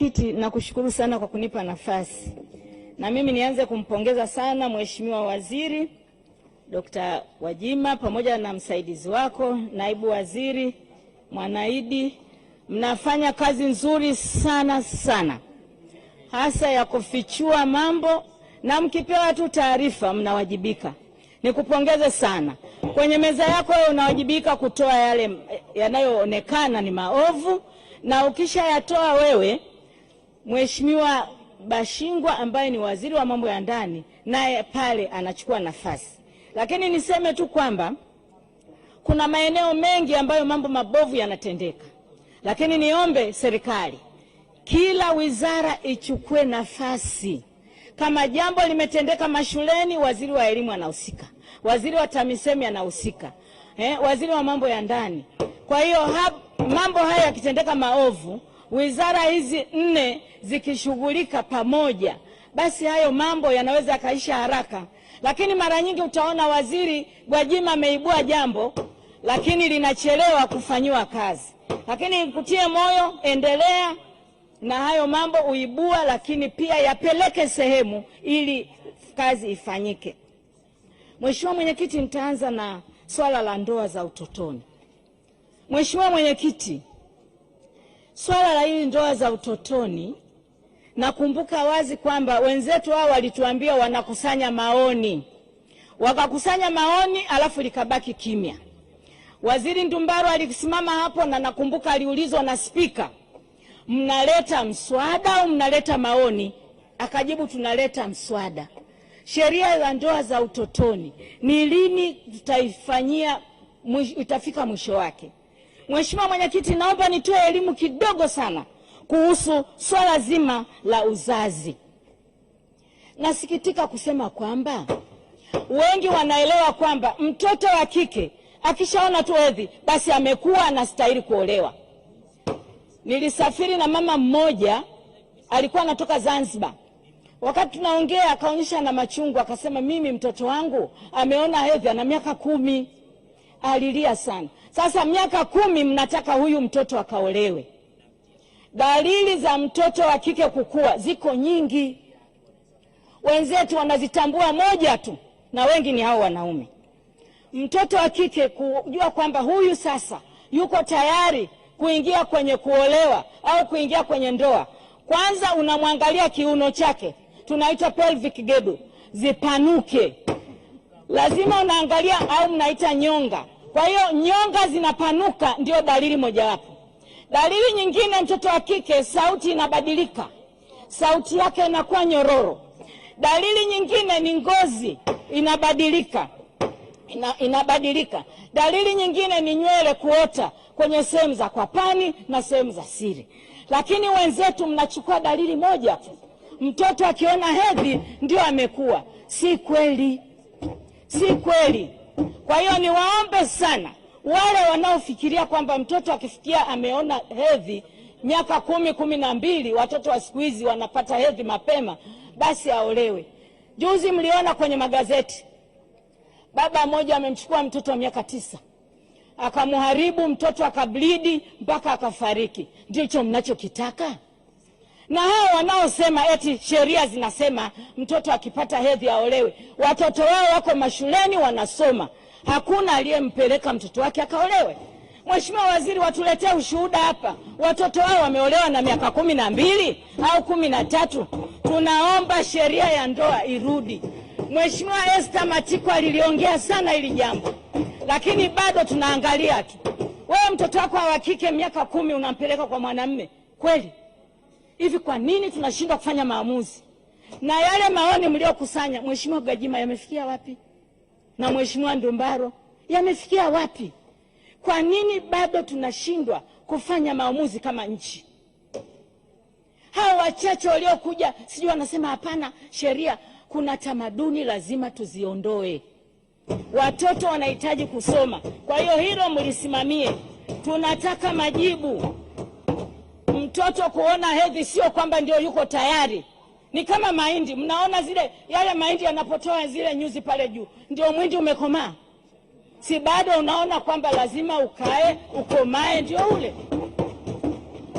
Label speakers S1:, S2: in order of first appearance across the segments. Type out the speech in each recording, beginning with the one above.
S1: Kiti, nakushukuru sana kwa kunipa nafasi, na mimi nianze kumpongeza sana Mheshimiwa Waziri Dkt. Wajima pamoja na msaidizi wako naibu waziri Mwanaidi, mnafanya kazi nzuri sana sana, hasa ya kufichua mambo, na mkipewa tu taarifa mnawajibika. Nikupongeze sana kwenye meza yako, wewe unawajibika kutoa yale yanayoonekana ni maovu, na ukishayatoa wewe Mheshimiwa Bashingwa ambaye ni waziri wa mambo ya ndani naye pale anachukua nafasi. Lakini niseme tu kwamba kuna maeneo mengi ambayo mambo mabovu yanatendeka, lakini niombe serikali, kila wizara ichukue nafasi. Kama jambo limetendeka mashuleni, waziri wa elimu anahusika, waziri wa TAMISEMI anahusika, eh, waziri wa mambo ya ndani. Kwa hiyo mambo haya yakitendeka maovu wizara hizi nne zikishughulika pamoja, basi hayo mambo yanaweza yakaisha haraka. Lakini mara nyingi utaona waziri Gwajima ameibua jambo, lakini linachelewa kufanyiwa kazi. Lakini nikutie moyo, endelea na hayo mambo uibua, lakini pia yapeleke sehemu ili kazi ifanyike. Mheshimiwa Mwenyekiti, nitaanza na swala la ndoa za utotoni. Mheshimiwa Mwenyekiti, Swala la hili ndoa za utotoni, nakumbuka wazi kwamba wenzetu hao walituambia wanakusanya maoni, wakakusanya maoni alafu likabaki kimya. Waziri Ndumbaro alisimama hapo na nakumbuka aliulizwa na Spika, mnaleta mswada au mnaleta maoni? Akajibu, tunaleta mswada. Sheria ya ndoa za utotoni ni lini tutaifanyia, itafika mwisho wake? Mheshimiwa Mwenyekiti, naomba nitoe elimu kidogo sana kuhusu swala zima la uzazi. Nasikitika kusema kwamba wengi wanaelewa kwamba mtoto wa kike akishaona tu hedhi basi amekuwa anastahili kuolewa. Nilisafiri na mama mmoja alikuwa anatoka Zanzibar. Wakati tunaongea akaonyesha na machungu, akasema, mimi mtoto wangu ameona hedhi, ana miaka kumi. Alilia sana. Sasa miaka kumi mnataka huyu mtoto akaolewe. Dalili za mtoto wa kike kukua ziko nyingi, wenzetu wanazitambua moja tu, na wengi ni hao wanaume. Mtoto wa kike kujua kwamba huyu sasa yuko tayari kuingia kwenye kuolewa au kuingia kwenye ndoa, kwanza unamwangalia kiuno chake, tunaita pelvic girdle, zipanuke. Lazima unaangalia au mnaita nyonga kwa hiyo nyonga zinapanuka, ndio dalili mojawapo. Dalili nyingine, mtoto wa kike sauti inabadilika, sauti yake inakuwa nyororo. Dalili nyingine ni ngozi inabadilika ina, inabadilika. Dalili nyingine ni nywele kuota kwenye sehemu za kwapani na sehemu za siri. Lakini wenzetu mnachukua dalili moja tu, mtoto akiona hedhi ndio amekuwa. Si kweli, si kweli. Kwa hiyo niwaombe sana wale wanaofikiria kwamba mtoto akifikia ameona hedhi miaka kumi kumi na mbili, watoto wa siku hizi wanapata hedhi mapema, basi aolewe. Juzi mliona kwenye magazeti baba mmoja amemchukua mtoto wa miaka tisa akamharibu mtoto akablidi mpaka akafariki. Ndicho mnachokitaka? Na hao wanaosema eti sheria zinasema mtoto akipata hedhi aolewe, watoto wao wako mashuleni wanasoma, hakuna aliyempeleka mtoto wake akaolewe. Mheshimiwa Waziri, watuletee ushuhuda hapa, watoto wao wameolewa na miaka kumi na mbili au kumi na tatu. Tunaomba sheria ya ndoa irudi. Mheshimiwa Esther Matiko aliliongea sana hili jambo, lakini bado tunaangalia tu. Wewe mtoto wako wa kike miaka kumi unampeleka kwa mwanamme kweli? hivi kwa nini tunashindwa kufanya maamuzi? Na yale maoni mliokusanya, Mheshimiwa Gwajima, yamefikia wapi? Na Mheshimiwa Ndumbaro, yamefikia wapi? Kwa nini bado tunashindwa kufanya maamuzi kama nchi? Hawa wachache waliokuja, sijui wanasema hapana, sheria, kuna tamaduni lazima tuziondoe. Watoto wanahitaji kusoma, kwa hiyo hilo mlisimamie. Tunataka majibu mtoto kuona hedhi sio kwamba ndio yuko tayari, ni kama mahindi. Mnaona zile yale mahindi yanapotoa zile nyuzi pale juu, ndio mwindi umekomaa? Si bado unaona kwamba lazima ukae ukomae ndio ule.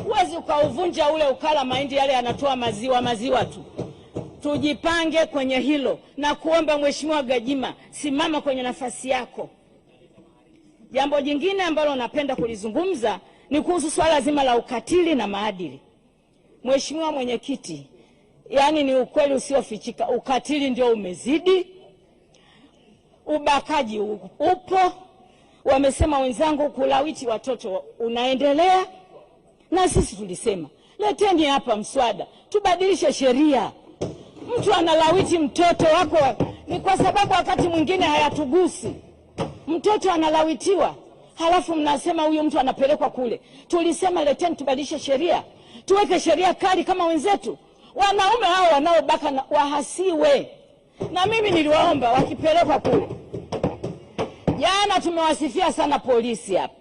S1: Huwezi ukauvunja ule ukala mahindi yale yanatoa maziwa maziwa tu. Tujipange kwenye hilo na kuomba Mheshimiwa Gajima, simama kwenye nafasi yako. Jambo jingine ambalo napenda kulizungumza ni kuhusu swala zima la ukatili na maadili. Mheshimiwa Mwenyekiti, yaani ni ukweli usiofichika, ukatili ndio umezidi, ubakaji upo, wamesema wenzangu, kulawiti watoto unaendelea, na sisi tulisema leteni hapa mswada tubadilishe sheria. Mtu analawiti mtoto wako ni kwa sababu wakati mwingine hayatugusi, mtoto analawitiwa halafu mnasema huyu mtu anapelekwa kule. Tulisema leteni tubadilishe sheria, tuweke sheria kali kama wenzetu. Wanaume hao wanaobaka wahasiwe, na mimi niliwaomba wakipelekwa kule. Jana tumewasifia sana polisi hapa,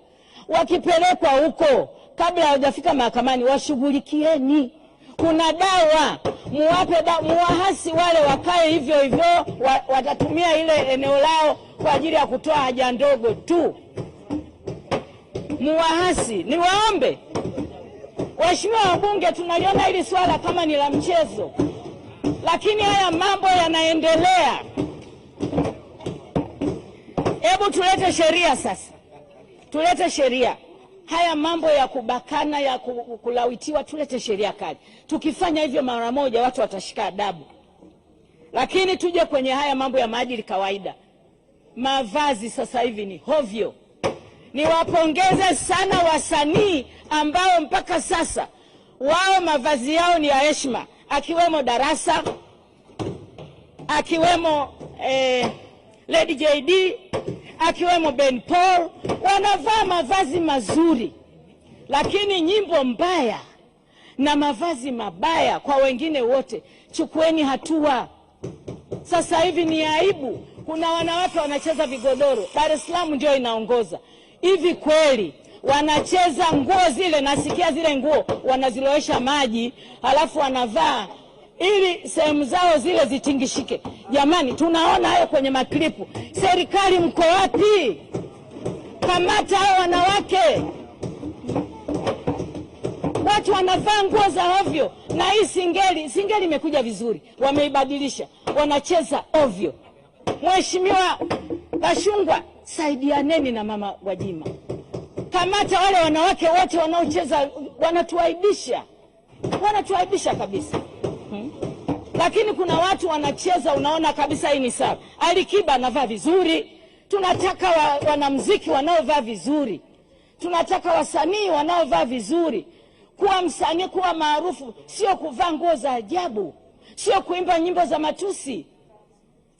S1: wakipelekwa huko kabla hawajafika mahakamani washughulikieni. Kuna dawa muwape da, muwahasi wale wakae hivyo hivyo, watatumia ile eneo lao kwa ajili ya kutoa haja ndogo tu muwaasi. Niwaombe waheshimiwa wabunge, tunaliona hili swala kama ni la mchezo, lakini haya mambo yanaendelea. Hebu tulete sheria sasa, tulete sheria haya mambo ya kubakana ya kulawitiwa, tulete sheria kali. Tukifanya hivyo mara moja, watu watashika adabu. Lakini tuje kwenye haya mambo ya maadili kawaida, mavazi sasa hivi ni hovyo. Niwapongeze sana wasanii ambao mpaka sasa wao mavazi yao ni ya heshima, akiwemo Darasa, akiwemo eh, Lady JD, akiwemo Ben Paul, wanavaa mavazi mazuri, lakini nyimbo mbaya na mavazi mabaya kwa wengine wote, chukueni hatua. Sasa hivi ni aibu. Kuna wanawake wanacheza vigodoro. Dar es Salaam ndio inaongoza. Hivi kweli wanacheza nguo zile, nasikia zile nguo wanazilowesha maji halafu wanavaa ili sehemu zao zile zitingishike. Jamani, tunaona hayo kwenye maklipu. Serikali mko wapi? Kamata hao wanawake, watu wanavaa nguo za ovyo. Na hii singeli, singeli imekuja vizuri, wameibadilisha, wanacheza ovyo. Mheshimiwa Bashungwa, saidianeni na mama Gwajima, kamata wale wanawake wote wanaocheza, wanatuaibisha, wanatuaibisha kabisa hmm? Lakini kuna watu wanacheza, unaona kabisa hii ni sawa. Alikiba anavaa vizuri, tunataka wa, wanamziki wanaovaa vizuri, tunataka wasanii wanaovaa vizuri. Kuwa msanii, kuwa maarufu sio kuvaa nguo za ajabu, sio kuimba nyimbo za matusi.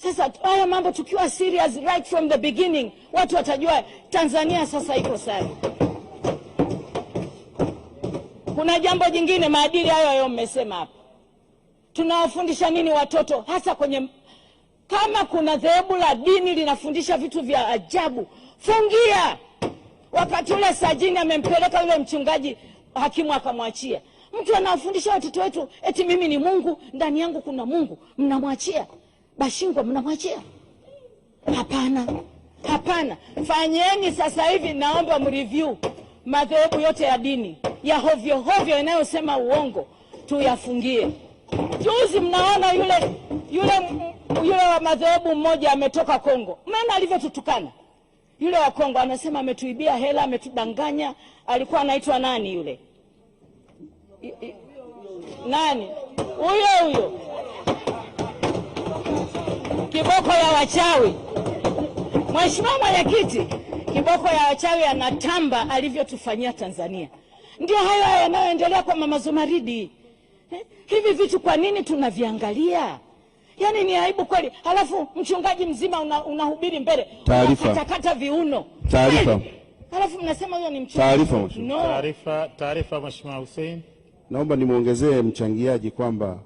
S1: Sasa haya mambo tukiwa serious right from the beginning, watu watajua Tanzania sasa iko sawa. Kuna jambo jingine, maadili hayo hayo mmesema hapa, tunawafundisha nini watoto hasa kwenye kama kuna dhehebu la dini linafundisha vitu vya ajabu, fungia. Wakati ule Sajini amempeleka yule mchungaji, hakimu akamwachia. Mtu anawafundisha watoto wetu eti mimi ni Mungu, ndani yangu kuna Mungu, mnamwachia. Bashingwa mnamwachia? Hapana, hapana. Fanyeni sasa hivi, naomba mreview madhehebu yote ya dini ya hovyo hovyo yanayosema uongo, tuyafungie. Juzi mnaona yule yule yule wa madhehebu mmoja ametoka Kongo, maana alivyotutukana yule wa Kongo, anasema ametuibia hela, ametudanganya. Alikuwa anaitwa nani yule nani? Huyo huyo kiboko ya wachawi. Mheshimiwa Mwenyekiti, kiboko ya wachawi anatamba alivyotufanyia Tanzania. Ndio hayo yanayoendelea kwa Mama Zumaridi. Eh, hivi vitu kwa nini tunaviangalia? Yaani ni aibu kweli. Halafu mchungaji mzima unahubiri una, mbele unakatakata viuno taarifa, halafu mnasema huyo ni mchungaji.
S2: Taarifa,
S3: no. Taarifa, taarifa Mheshimiwa Hussein.
S2: Naomba nimwongezee mchangiaji kwamba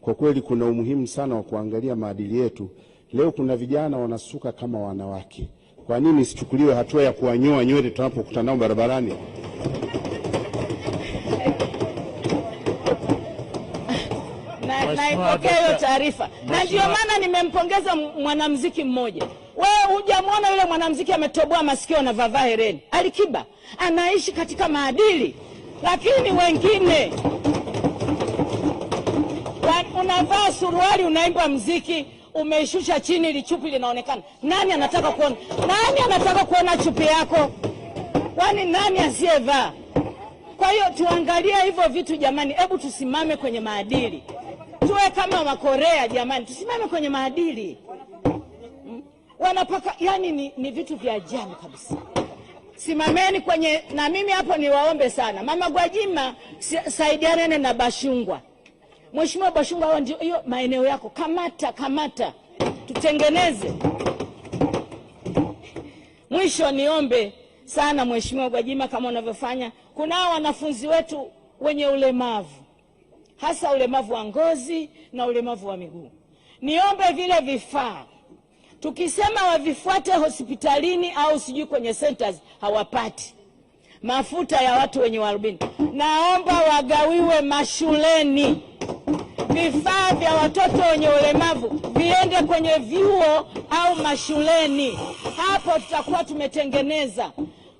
S2: kwa kweli kuna umuhimu sana wa kuangalia maadili yetu. Leo kuna vijana wanasuka kama wanawake. Kwa nini sichukuliwe hatua ya kuwanyoa nywele tunapokutana nao barabarani?
S1: Naipokea hiyo taarifa na ndio maana nimempongeza mwanamuziki mmoja. Wewe hujamwona yule mwanamuziki ametoboa masikio na vavaa hereni? Alikiba anaishi katika maadili, lakini wengine unavaa suruali, unaimba mziki, umeishusha chini, ili chupi linaonekana. Nani anataka kuona? Nani anataka kuona chupi yako? Kwani nani asiyevaa? Kwa hiyo tuangalie hivyo vitu jamani, hebu tusimame kwenye maadili, tuwe kama Wakorea jamani, tusimame kwenye maadili hmm? wanapaka yani ni, ni vitu vya ajabu kabisa. Simameni kwenye na mimi hapo niwaombe sana, mama Gwajima saidianene na Bashungwa Mheshimiwa Bashungwa, hawa ndio hiyo maeneo yako, kamata kamata, tutengeneze. Mwisho niombe sana Mheshimiwa Gwajima, kama unavyofanya, kuna wanafunzi wetu wenye ulemavu, hasa ulemavu wa ngozi na ulemavu wa miguu. Niombe vile vifaa tukisema wavifuate hospitalini au sijui kwenye centers hawapati mafuta ya watu wenye uarubini, naomba wagawiwe mashuleni. Vifaa vya watoto wenye ulemavu viende kwenye vyuo au mashuleni, hapo tutakuwa tumetengeneza.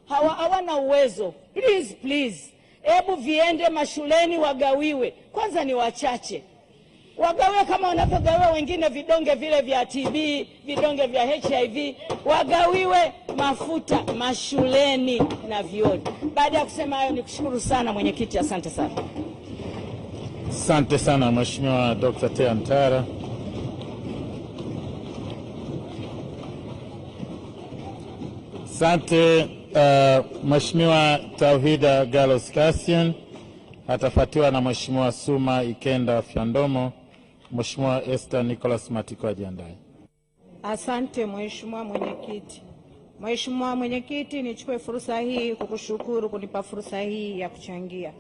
S1: Hawa hawana uwezo, please please, hebu viende mashuleni wagawiwe. Kwanza ni wachache wagawe kama wanavyogawiwa wengine vidonge vile vya TB, vidonge vya HIV, wagawiwe mafuta mashuleni na vioni. Baada ya kusema hayo, nikushukuru sana mwenyekiti, asante sana.
S2: Asante sana Mheshimiwa Dr. Tea sante Asante uh, Mheshimiwa Tauhida Gallo atafuatiwa na Mheshimiwa Suma Ikenda Fyandomo. Mheshimiwa Esther Nicholas Matiko ajiandae.
S1: Asante Mheshimiwa Mwenyekiti. Mheshimiwa Mwenyekiti, nichukue fursa hii kukushukuru kunipa fursa hii ya kuchangia.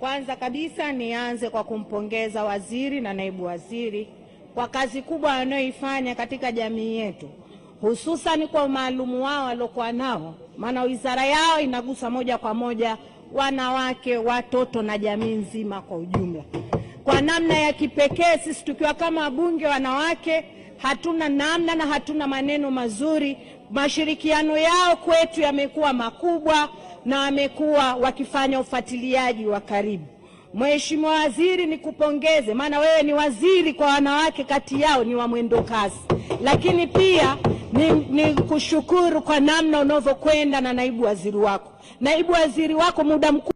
S1: Kwanza kabisa nianze kwa kumpongeza waziri na naibu waziri kwa kazi kubwa wanayoifanya katika jamii yetu, hususan kwa umaalumu wao waliokuwa nao, maana wizara yao inagusa moja kwa moja wanawake, watoto na jamii nzima kwa ujumla. Kwa namna ya kipekee sisi tukiwa kama wabunge wanawake hatuna namna na hatuna maneno mazuri. Mashirikiano yao kwetu yamekuwa makubwa na wamekuwa wakifanya ufuatiliaji wa karibu. Mheshimiwa Waziri, nikupongeze, maana wewe ni waziri kwa wanawake, kati yao ni wa mwendo kasi, lakini pia ni, ni kushukuru kwa namna unavyokwenda na naibu waziri wako, naibu waziri wako muda mkuu